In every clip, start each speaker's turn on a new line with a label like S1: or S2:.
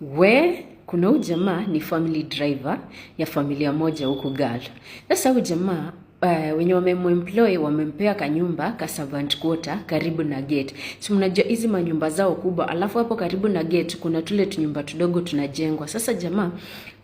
S1: we kuna huu jamaa ni family driver ya familia moja huku Gala. Sasa huu jamaa Uh, wenye wamememploy wamempea kanyumba ka servant quarter karibu na gate. Si mnajua hizi manyumba zao kubwa, alafu hapo karibu na gate kuna tule tunyumba tudogo tunajengwa. Sasa jamaa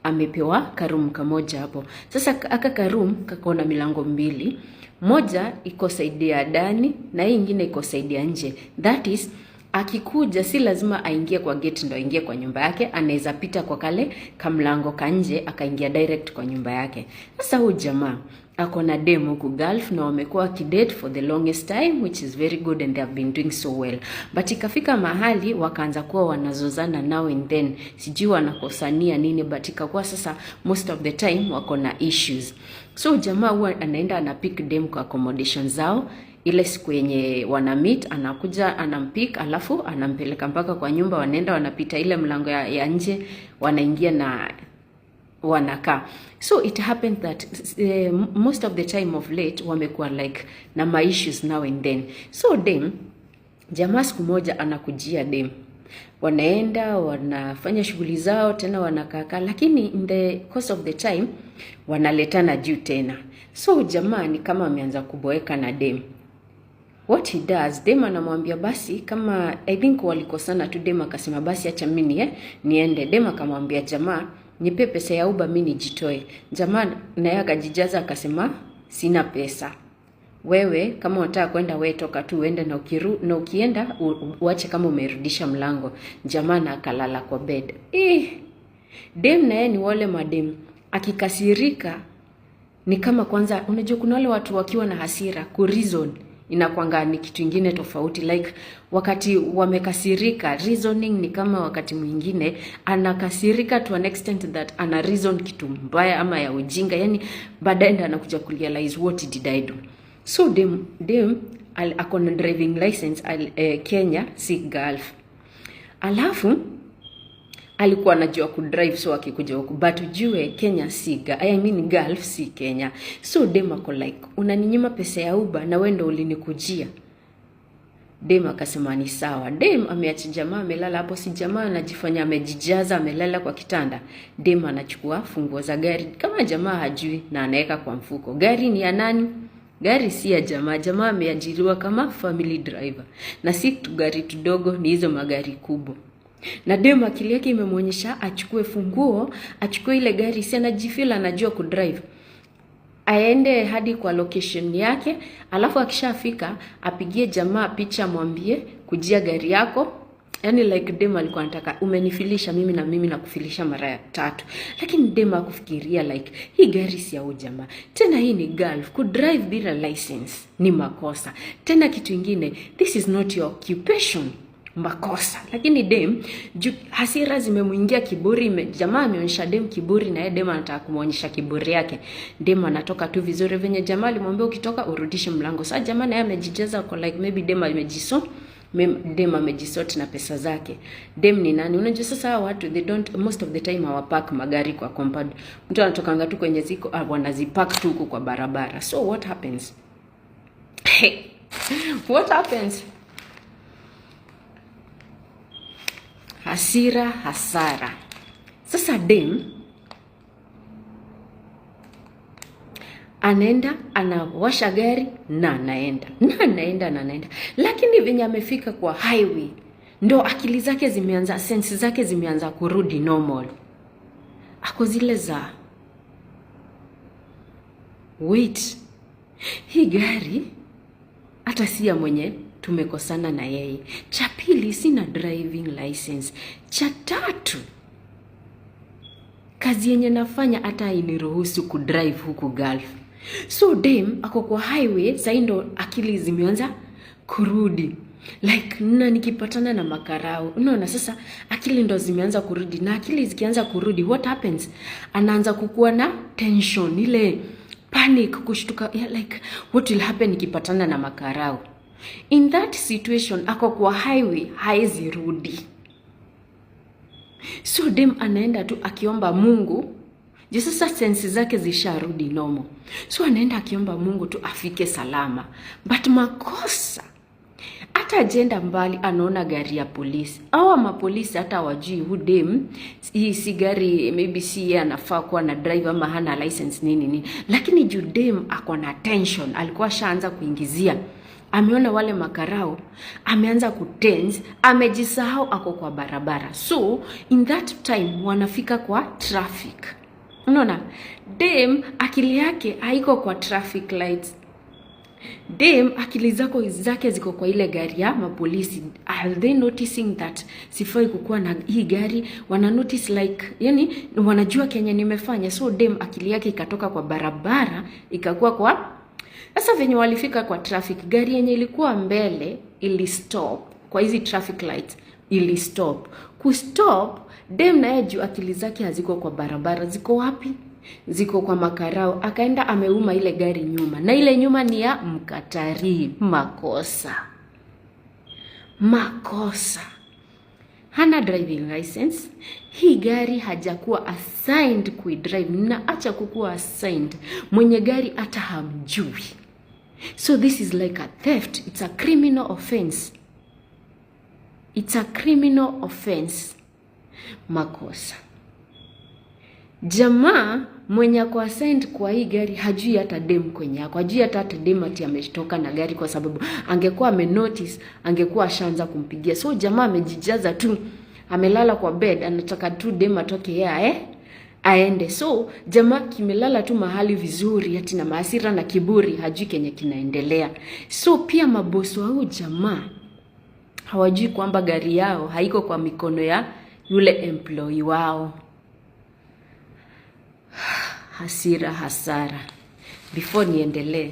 S1: amepewa karum kamoja hapo. Sasa aka karum kako milango mbili, moja iko saidia dani na hii ingine iko saidia nje, that is akikuja si lazima aingie kwa gate ndo aingie kwa nyumba yake, anaweza pita kwa kale kamlango ka nje akaingia direct kwa nyumba yake. Sasa huyu jamaa ako na dem huku Gulf na wamekuwa kidate for the longest time which is very good and they have been doing so well, but ikafika mahali wakaanza kuwa wanazozana now and then, sijui wanakosania nini, but ikakuwa sasa most of the time wako na issues. So jamaa huwa anaenda anapick dem kwa accommodation zao ile siku yenye wana meet, anakuja anampick, alafu anampeleka mpaka kwa nyumba, wanaenda wanapita ile mlango ya, ya nje wanaingia na wanakaa so it happened that uh, most of the time of late wamekuwa like na my issues now and then. So dem jamaa siku moja anakujia dem, wanaenda wanafanya shughuli zao tena wanakaakaa, lakini in the course of the time wanaletana juu tena. So jamaa ni kama ameanza kuboeka na dem what he does Dema anamwambia basi kama I think walikosana tu. Dema akasema basi acha mimi eh, niende. Dema akamwambia jamaa, nipe pesa ya uba mimi nijitoe. Jamaa naye akajijaza akasema sina pesa. Wewe kama unataka kwenda wewe toka tu uende na, ukiru, na ukienda uache kama umerudisha mlango. Jamaa na akalala kwa bed. Eh, dem naye ni wale madem akikasirika ni kama kwanza, unajua kuna wale watu wakiwa na hasira ku reason inakwanga ni kitu ingine tofauti. Like wakati wamekasirika, reasoning ni kama wakati mwingine anakasirika to an extent that ana reason kitu mbaya ama ya ujinga, yani baadaye ndo anakuja kurealize what did I do. So dem dem akona driving license al, eh, Kenya si Gulf alafu alikuwa anajua kudrive, so akikuja huku, but ujue Kenya si I mean Gulf si Kenya, so dem ako like unaninyima pesa ya uba na wewe ndo ulinikujia. Dem akasema ni sawa. Dem ameacha jamaa amelala hapo, si jamaa anajifanya amejijaza, amelala kwa kitanda. Dem anachukua funguo za gari kama jamaa hajui, na anaweka kwa mfuko. Gari ni ya nani? Gari si ya jamaa. Jamaa ameajiriwa kama family driver, na si tu gari tudogo, ni hizo magari kubwa na demo akili yake imemwonyesha achukue funguo, achukue ile gari, si anajifeel anajua kudrive, aende hadi kwa location yake, alafu akishafika apigie jamaa picha, mwambie kujia gari yako. yaani like dem alikuwa anataka umenifilisha mimi na mimi nakufilisha mara ya tatu, lakini dem akufikiria like hii gari si ya jamaa tena, hii ni Gulf. Kudrive bila license ni makosa tena. Kitu ingine, this is not your occupation makosa lakini dem ju, hasira zimemwingia kiburi jamaa ameonyesha dem kiburi na yeye dem anataka kumwonyesha kiburi yake. Dem anatoka tu vizuri venye jamaa alimwambia ukitoka urudishe mlango. saa jamaa naye amejijaza kwa like maybe dem amejiso dem amejisoti na pesa zake. Dem ni nani? Unajua sasa watu they don't most of the time hawapark magari kwa compound. Mtu anatokanga tu kwenye ziko ah, wanazipark tu huko kwa barabara. So what happens? Hey, what happens? hasira, hasara. Sasa dem anaenda anawasha gari na anaenda na anaenda na anaenda, lakini venye amefika kwa highway ndo akili zake zimeanza, sensi zake zimeanza kurudi normal. Ako zile za wait, hii gari hata si ya mwenye tumekosana na yeye Chap pili sina driving license, cha tatu kazi yenye nafanya hata iniruhusu kudrive huku Gulf. So dem ako kwa highway sasa, ndo akili zimeanza kurudi like na nikipatana na makarau unaona, sasa akili ndo zimeanza kurudi, na akili zikianza kurudi, what happens, anaanza kukuwa na tension ile panic, kushtuka yeah, like what will happen nikipatana na makarau in that situation ako kwa highway, haezi rudi. So dem anaenda tu akiomba Mungu juu sensi zake zisharudi nomo, so anaenda akiomba Mungu tu afike salama, but makosa hata ajenda mbali, anaona gari ya polisi awa mapolisi hata waji hu dem, hii si gari maybe, si yeye anafaa kuwa na drive ama hana license nini nini, lakini juu dem ako na tension, alikuwa ashaanza kuingizia ameona wale makarao, ameanza kutens, amejisahau ako kwa barabara. So in that time wanafika kwa traffic. Unaona, dem akili yake haiko kwa traffic lights. Dem akili zako zake ziko kwa ile gari ya mapolisi. Are they noticing that sifai kukuwa na hii gari? Wana notice like, yani wanajua kenye nimefanya. So dem akili yake ikatoka kwa barabara ikakuwa kwa sasa venye walifika kwa traffic, gari yenye ilikuwa mbele stop kwa hizi traffic lights, Ku kustop. Dem naye juu akili zake haziko kwa barabara, ziko wapi? Ziko kwa makarao. Akaenda ameuma ile gari nyuma, na ile nyuma ni ya mkatarii. Makosa, makosa hana driving license. Hii gari hajakuwa assigned kuidrive na acha kukuwa assigned, mwenye gari hata hamjui. So this is like a theft, it's a criminal offense, it's a criminal offense makosa Jamaa mwenye ako assigned kwa hii gari hajui hata dem kwenye yako hajui hata hata dem ati ametoka na gari, kwa sababu angekuwa amenotice angekuwa ashaanza kumpigia. So jamaa amejijaza tu, amelala kwa bed, anataka tu dem atoke yeye eh? aende. So jamaa kimelala tu mahali vizuri, ati na maasira na kiburi, hajui kenye kinaendelea. So pia maboso hao jamaa hawajui kwamba gari yao haiko kwa mikono ya yule employee wao hasira, hasara. Before niendelee,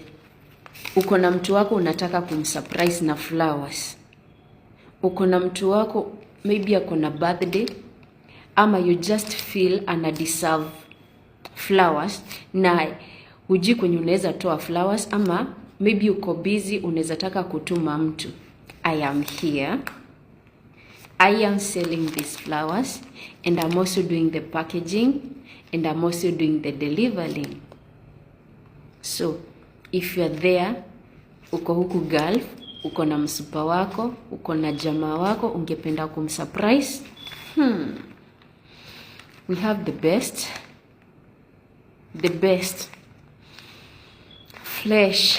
S1: uko na mtu wako unataka kumsurprise na flowers. Uko na mtu wako maybe ako na birthday ama you just feel ana deserve flowers na uji kwenye unaweza toa flowers, ama maybe uko busy, unaweza taka kutuma mtu I am here. I am selling these flowers and I'm also doing the packaging and I'm also doing the delivering. So if you are there, uko huku Gulf, uko na msupa wako, uko na jamaa wako, ungependa kumsurprise hmm. We have the best the best flesh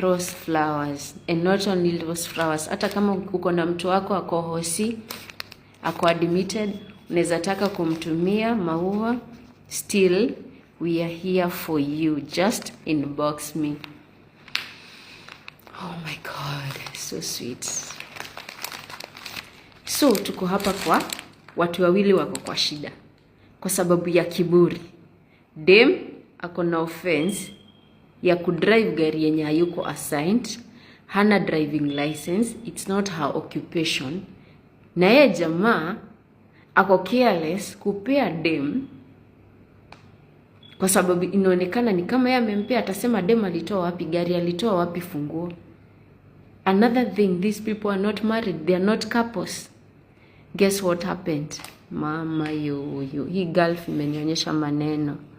S1: rose flowers and not only rose flowers, hata kama uko na mtu wako akohosi ako admitted, unaweza taka kumtumia maua. Still we are here for you, just inbox me. Oh my God, so sweet. So tuko hapa kwa watu wawili wako kwa shida kwa sababu ya kiburi. Dem ako na offense ya kudrive gari yenye hayuko assigned, hana driving license, it's not her occupation na ye jamaa ako careless kupea dem kwa sababu inaonekana ni kama yeye amempea, atasema dem alitoa wapi gari, alitoa wapi funguo. Another thing, these people are not married, they are not couples. Guess what happened? Mama yoyo, hii girl imenionyesha maneno.